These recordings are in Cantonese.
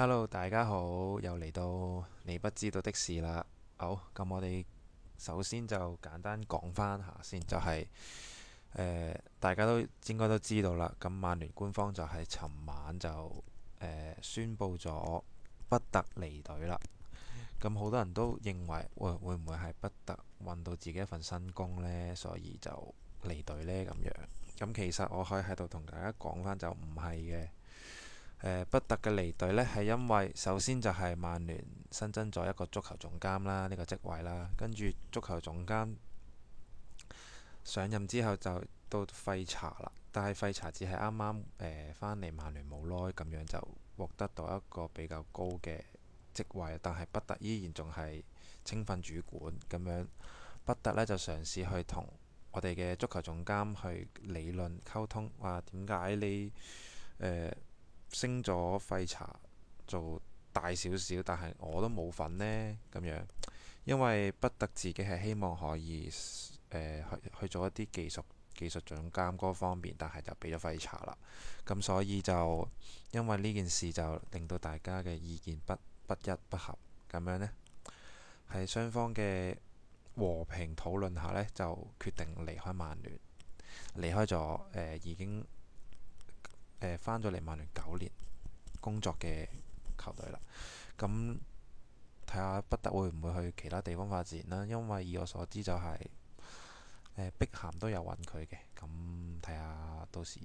Hello，大家好，又嚟到你不知道的事啦。好，咁我哋首先就簡單講返下先，就係、是呃、大家都應該都知道啦。咁曼聯官方就係尋晚就、呃、宣布咗不得離隊啦。咁好多人都認為會唔會係不，不得揾到自己一份新工呢？所以就離隊呢。咁樣。咁其實我可以喺度同大家講返，就唔係嘅。誒、呃，不特嘅離隊呢，係因為首先就係曼聯新增咗一個足球總監啦，呢、這個職位啦，跟住足球總監上任之後就到費查啦，但係費查只係啱啱誒翻嚟曼聯冇耐，咁樣就獲得到一個比較高嘅職位，但係不特依然仲係青訓主管咁樣。不特呢，就嘗試去同我哋嘅足球總監去理論溝通，話點解你誒、呃升咗費查做大少少，但係我都冇份呢。咁樣，因為不得自己係希望可以誒去、呃、去做一啲技術技術總監嗰方面，但係就俾咗費查啦。咁所以就因為呢件事就令到大家嘅意見不不一不合，咁樣呢，喺雙方嘅和平討論下呢，就決定離開曼聯，離開咗誒、呃、已經。誒翻咗嚟曼聯九年工作嘅球隊啦，咁睇下不特會唔會去其他地方發展啦？因為以我所知就係碧咸都有揾佢嘅，咁睇下到時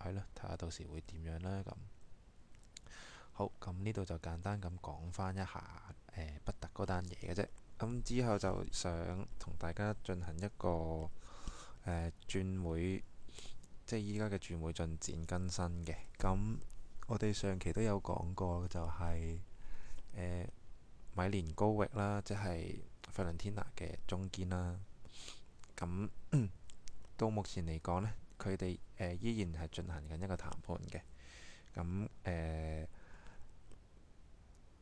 係咯，睇下到時會點樣啦？咁好，咁呢度就簡單咁講翻一下誒、呃、不特嗰單嘢嘅啫，咁之後就想同大家進行一個誒、呃、轉會。即係依家嘅轉會進展更新嘅，咁我哋上期都有講過，就係，就係誒米連高域啦，即係佛倫天拿嘅中堅啦。咁到目前嚟講咧，佢哋誒依然係進行緊一個談判嘅。咁誒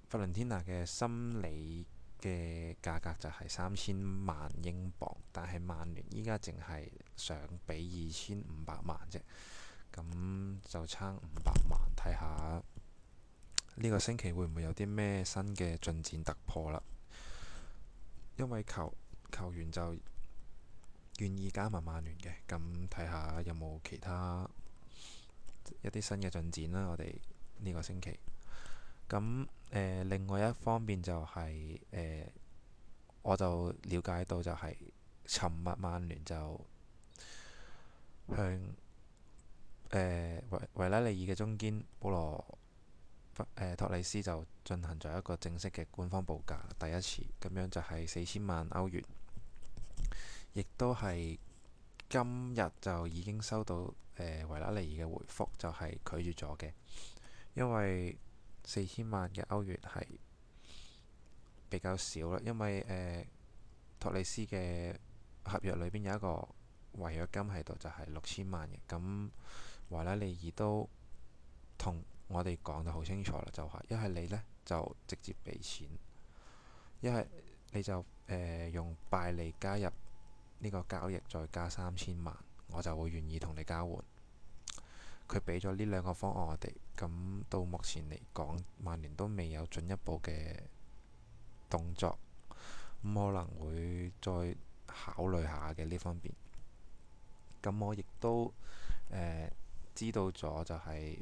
佛倫天拿嘅心理。嘅價格就係三千萬英鎊，但係曼聯依家淨係想俾二千五百萬啫，咁就差五百萬，睇下呢個星期會唔會有啲咩新嘅進展突破啦？因為球球員就願意加盟曼聯嘅，咁睇下有冇其他一啲新嘅進展啦，我哋呢個星期。咁誒、呃，另外一方面就係、是，誒、呃，我就了解到就係尋日曼聯就向誒維維拉利爾嘅中堅保羅不、呃、托里斯就進行咗一個正式嘅官方報價，第一次咁樣就係四千萬歐元，亦都係今日就已經收到誒維、呃、拉利爾嘅回覆，就係拒絕咗嘅，因為。四千萬嘅歐元係比較少啦，因為誒、呃、托利斯嘅合約裏邊有一個違約金喺度，就係、是、六千萬嘅。咁維拉利爾都同我哋講得好清楚啦，就係一係你呢，就直接俾錢，一係你就誒、呃、用拜利加入呢個交易再加三千萬，我就會願意同你交換。佢俾咗呢兩個方案我，我哋咁到目前嚟講，曼聯都未有進一步嘅動作，咁可能會再考慮下嘅呢方面。咁我亦都、呃、知道咗、就是，就係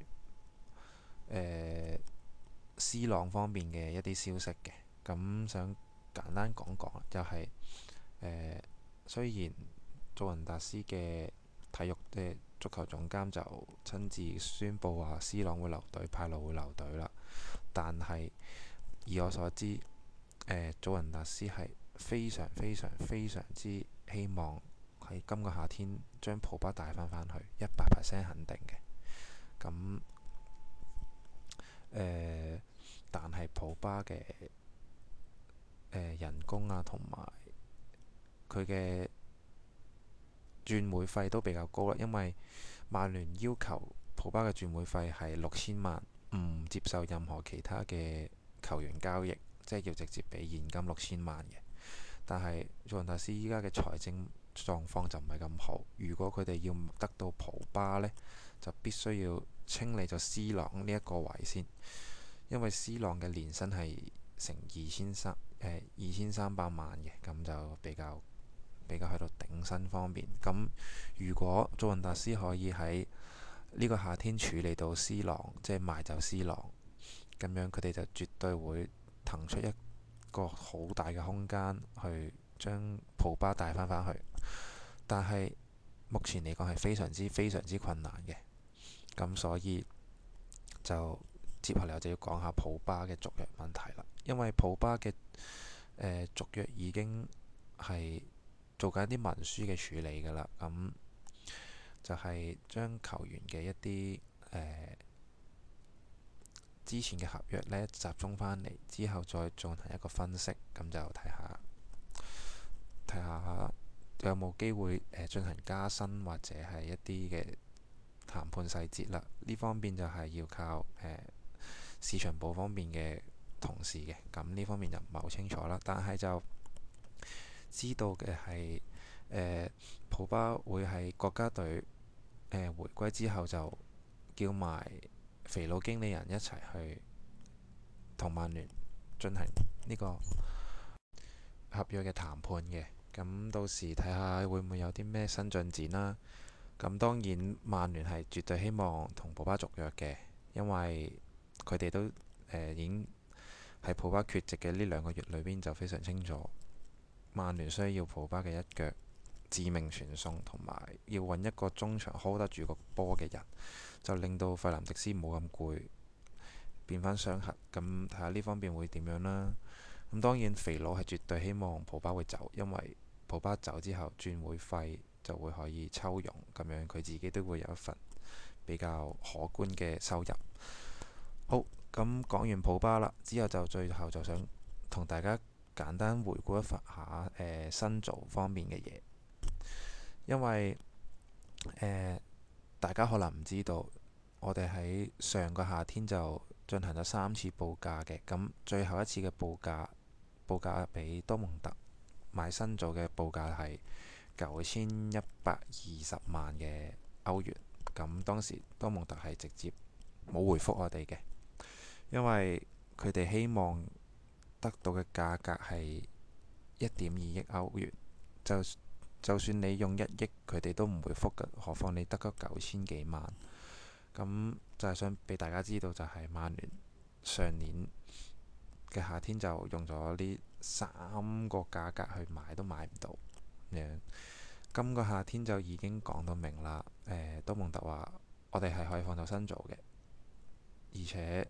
誒 C 朗方面嘅一啲消息嘅，咁想簡單講講就係、是、誒、呃、雖然祖雲達斯嘅體育嘅。足球總監就親自宣布話：C 朗會留隊，派路會留隊啦。但係以我所知，誒祖雲達斯係非常非常非常之希望喺今個夏天將普巴帶翻返去，一百 percent 肯定嘅。咁、嗯呃、但係普巴嘅、呃、人工啊，同埋佢嘅。轉會費都比較高啦，因為曼聯要求普巴嘅轉會費係六千萬，唔接受任何其他嘅球員交易，即係要直接俾現金六千萬嘅。但係，祖雲達斯依家嘅財政狀況就唔係咁好。如果佢哋要得到普巴呢，就必須要清理咗 C 朗呢一個位先，因為 C 朗嘅年薪係成二千三誒二千三百萬嘅，咁就比較。比較去到頂薪方面咁，如果祖雲達斯可以喺呢個夏天處理到 C 朗，即係賣走 C 朗，咁樣佢哋就絕對會騰出一個好大嘅空間去將普巴帶翻返去。但係目前嚟講係非常之非常之困難嘅，咁所以就接下嚟我就要講下普巴嘅續約問題啦。因為普巴嘅誒、呃、續約已經係～做緊一啲文書嘅處理㗎啦，咁就係將球員嘅一啲誒、呃、之前嘅合約呢，集中翻嚟，之後再進行一個分析，咁就睇下睇下有冇機會誒進行加薪或者係一啲嘅談判細節啦。呢方面就係要靠、呃、市場部方面嘅同事嘅，咁呢方面就唔係好清楚啦。但係就知道嘅係誒普巴會喺國家隊誒、呃、回歸之後就叫埋肥佬經理人一齊去同曼聯進行呢個合約嘅談判嘅。咁到時睇下會唔會有啲咩新進展啦，啊。咁當然曼聯係絕對希望同普巴續約嘅，因為佢哋都誒、呃、已經喺普巴缺席嘅呢兩個月裏邊就非常清楚。曼聯需要普巴嘅一腳致命傳送，同埋要揾一個中場 hold 得住個波嘅人，就令到費蘭迪斯冇咁攰，變返雙核。咁睇下呢方面會點樣啦。咁當然肥佬係絕對希望普巴會走，因為普巴走之後轉會費就會可以抽佣，咁樣佢自己都會有一份比較可觀嘅收入。好，咁講完普巴啦，之後就最後就想同大家。簡單回顧一下誒、呃、新造方面嘅嘢，因為誒、呃、大家可能唔知道，我哋喺上個夏天就進行咗三次報價嘅，咁最後一次嘅報價，報價俾多蒙特買新造嘅報價係九千一百二十萬嘅歐元，咁當時多蒙特係直接冇回覆我哋嘅，因為佢哋希望。得到嘅價格係一點二億歐元，就就算你用一億，佢哋都唔會復嘅，何況你得九千幾萬，咁就係、是、想俾大家知道，就係曼聯上年嘅夏天就用咗呢三個價格去買都買唔到，咁、嗯、今個夏天就已經講到明啦。多、欸、蒙特話我哋係可以放走辛祖嘅，而且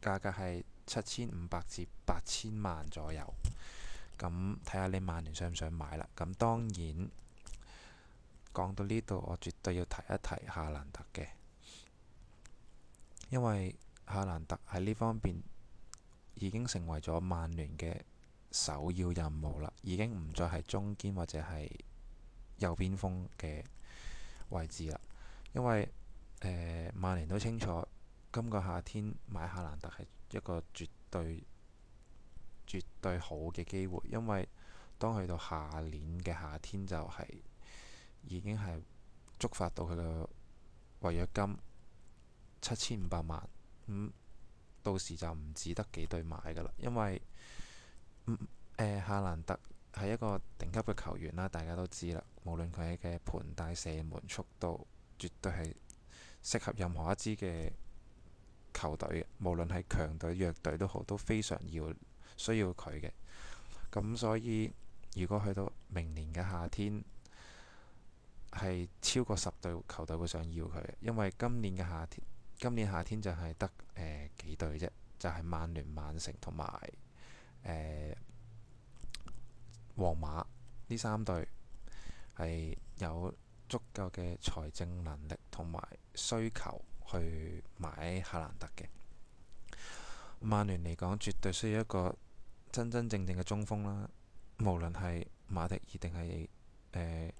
價格係。七千五百至八千萬左右，咁睇下你曼聯想唔想買啦。咁當然講到呢度，我絕對要提一提夏蘭特嘅，因為夏蘭特喺呢方面已經成為咗曼聯嘅首要任務啦，已經唔再係中堅或者係右邊鋒嘅位置啦。因為誒，曼聯都清楚今個夏天買夏蘭特係。一個絕對、絕對好嘅機會，因為當去到下年嘅夏天就係、是、已經係觸發到佢嘅違約金七千五百萬，咁、嗯、到時就唔止得幾隊買㗎喇，因為唔、嗯呃、夏蘭特係一個頂級嘅球員啦，大家都知啦，無論佢嘅盤帶、射門、速度，絕對係適合任何一支嘅。球隊無論係強隊弱隊都好，都非常要需要佢嘅。咁所以，如果去到明年嘅夏天，係超過十隊球隊會想要佢，因為今年嘅夏天，今年夏天就係得誒、呃、幾隊啫，就係、是、曼聯、曼城同埋皇馬呢三隊係有足夠嘅財政能力同埋需求。去買夏蘭特嘅曼聯嚟講，絕對需要一個真真正正嘅中鋒啦。無論係馬迪爾定係、呃、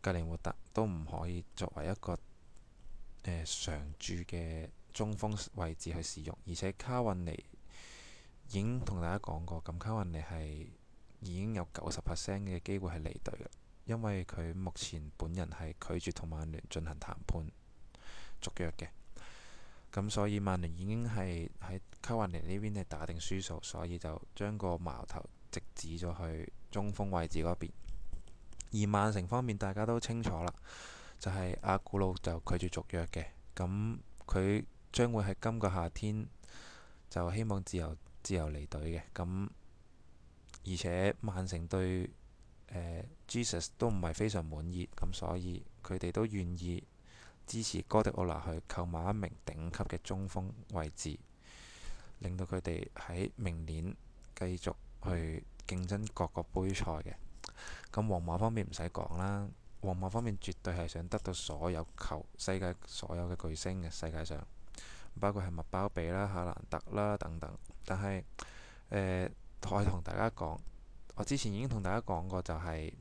格林活特，都唔可以作為一個、呃、常駐嘅中鋒位置去使用。而且卡雲尼已經同大家講過，咁卡雲尼係已經有九十 percent 嘅機會係離隊嘅，因為佢目前本人係拒絕同曼聯進行談判。續約嘅，咁所以曼聯已經係喺卡瓦尼呢邊係打定輸數，所以就將個矛頭直指咗去中鋒位置嗰邊。而曼城方面，大家都清楚啦，就係、是、阿古魯就拒絕續約嘅，咁佢將會喺今個夏天就希望自由自由離隊嘅，咁而且曼城對誒、呃、Jesus 都唔係非常滿意，咁所以佢哋都願意。支持哥迪奧拿去購買一名頂級嘅中鋒位置，令到佢哋喺明年繼續去競爭各個杯賽嘅。咁皇馬方面唔使講啦，皇馬方面絕對係想得到所有球世界所有嘅巨星嘅世界上，包括係麥包比啦、哈蘭德啦等等。但係，誒、呃，再同大家講，我之前已經同大家講過、就是，就係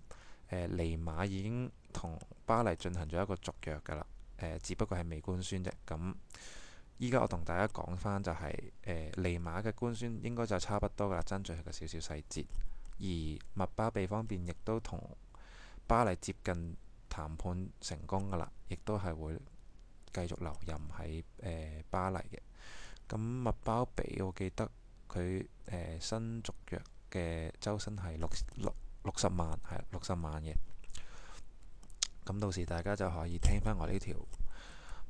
誒尼馬已經同巴黎進行咗一個續約㗎啦。誒、呃，只不過係未官宣啫。咁，依家我同大家講翻就係、是，誒、呃，利馬嘅官宣應該就差不多噶啦，爭在係個少少細節。而麥巴比方面，亦都同巴黎接近談判成功噶啦，亦都係會繼續留任喺誒、呃、巴黎嘅。咁、啊、麥巴比，我記得佢誒、呃、新續約嘅周薪係六六六十萬，係六十萬嘅。咁到時大家就可以聽翻我呢條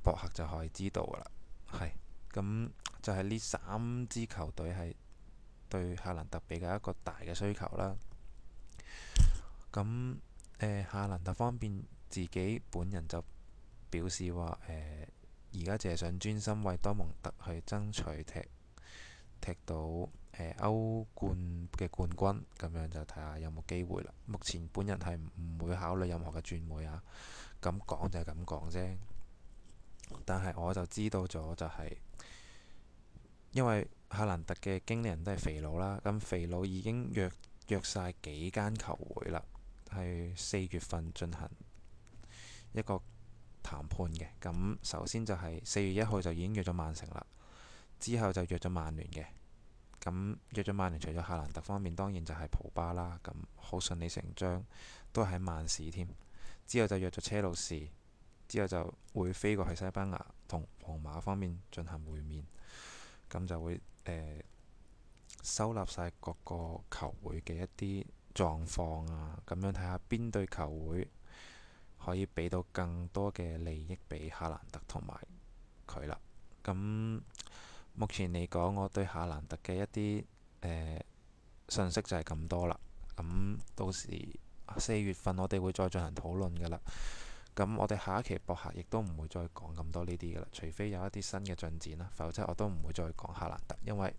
博客，就可以知道啦。係咁，就係呢三支球隊係對夏蘭特比較一個大嘅需求啦。咁誒、呃，夏蘭特方面自己本人就表示話誒，而家淨係想專心為多蒙特去爭取踢踢到。誒，歐冠嘅冠軍，咁樣就睇下有冇機會啦。目前本人係唔會考慮任何嘅轉會啊。咁講就係咁講啫，但係我就知道咗就係、是、因為克蘭特嘅經理人都係肥佬啦。咁肥佬已經約約曬幾間球會啦，係四月份進行一個談判嘅。咁首先就係四月一號就已經約咗曼城啦，之後就約咗曼聯嘅。咁約咗曼聯，除咗夏蘭特方面，當然就係葡巴啦。咁好順理成章，都喺曼市添。之後就約咗車路士，之後就會飛過去西班牙同皇馬方面進行會面。咁就會誒、呃、收納晒各個球會嘅一啲狀況啊，咁樣睇下邊隊球會可以俾到更多嘅利益俾夏蘭特同埋佢啦。咁目前嚟講，我對夏蘭特嘅一啲誒、呃、信息就係咁多啦。咁、嗯、到時啊、四月份我哋會再進行討論噶啦。咁我哋下一期博客亦都唔會再講咁多呢啲噶啦，除非有一啲新嘅進展啦，否則我都唔會再講夏蘭特，因為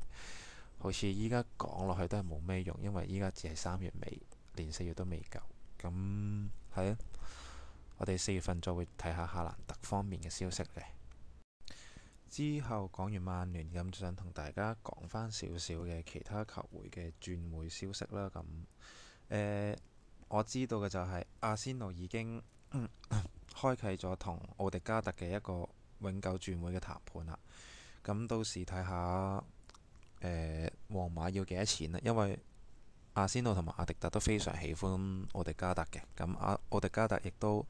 好似依家講落去都係冇咩用，因為依家只係三月尾，連四月都未夠。咁係啊，我哋四月份再會睇下夏蘭特方面嘅消息嘅。之後講完曼聯咁，想同大家講翻少少嘅其他球會嘅轉會消息啦，咁、呃、我知道嘅就係阿仙奴已經 開啟咗同奧迪加特嘅一個永久轉會嘅談判啦，咁到時睇下、呃、皇馬要幾多錢啦，因為阿仙奴同埋阿迪達都非常喜歡奧迪加特嘅，咁阿奧迪加特亦都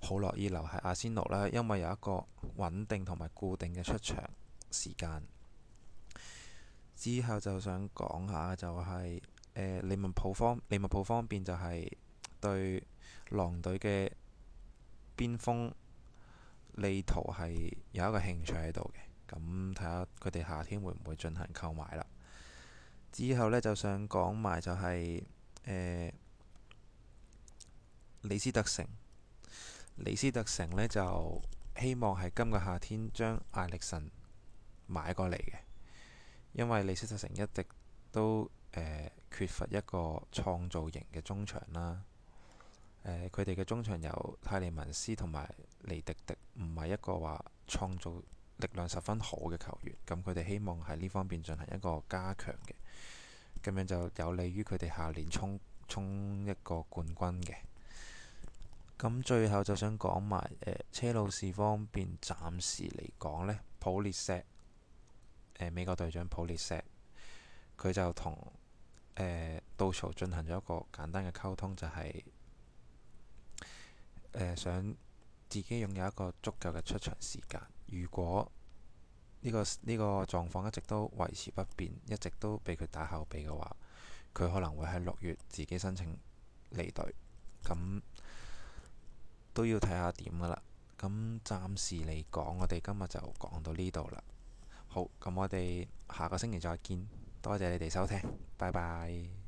好樂意留喺阿仙奴啦，因為有一個穩定同埋固定嘅出場時間。之後就想講下就係、是、誒、呃、利物浦方利物浦方面就係對狼隊嘅邊鋒利圖係有一個興趣喺度嘅，咁睇下佢哋夏天會唔會進行購買啦。之後咧就想講埋就係、是、誒、呃、李斯特城。李斯特城呢，就希望喺今個夏天將艾力神買過嚟嘅，因為李斯特城一直都、呃，缺乏一個創造型嘅中場啦，佢哋嘅中場有泰利文斯同埋尼迪迪，唔係一個話創造力量十分好嘅球員，咁佢哋希望喺呢方面進行一個加強嘅，咁樣就有利於佢哋下年衝衝一個冠軍嘅。咁最後就想講埋誒，車路士方面暫時嚟講呢，普列石美國隊長普列石，佢就同誒杜曹進行咗一個簡單嘅溝通，就係、是呃、想自己擁有一個足夠嘅出場時間。如果呢、呢個呢、呢個狀況一直都維持不變，一直都俾佢打後備嘅話，佢可能會喺六月自己申請離隊。咁。都要睇下點㗎喇，咁暫時嚟講，我哋今日就講到呢度喇。好，咁我哋下個星期再見，多謝你哋收聽，拜拜。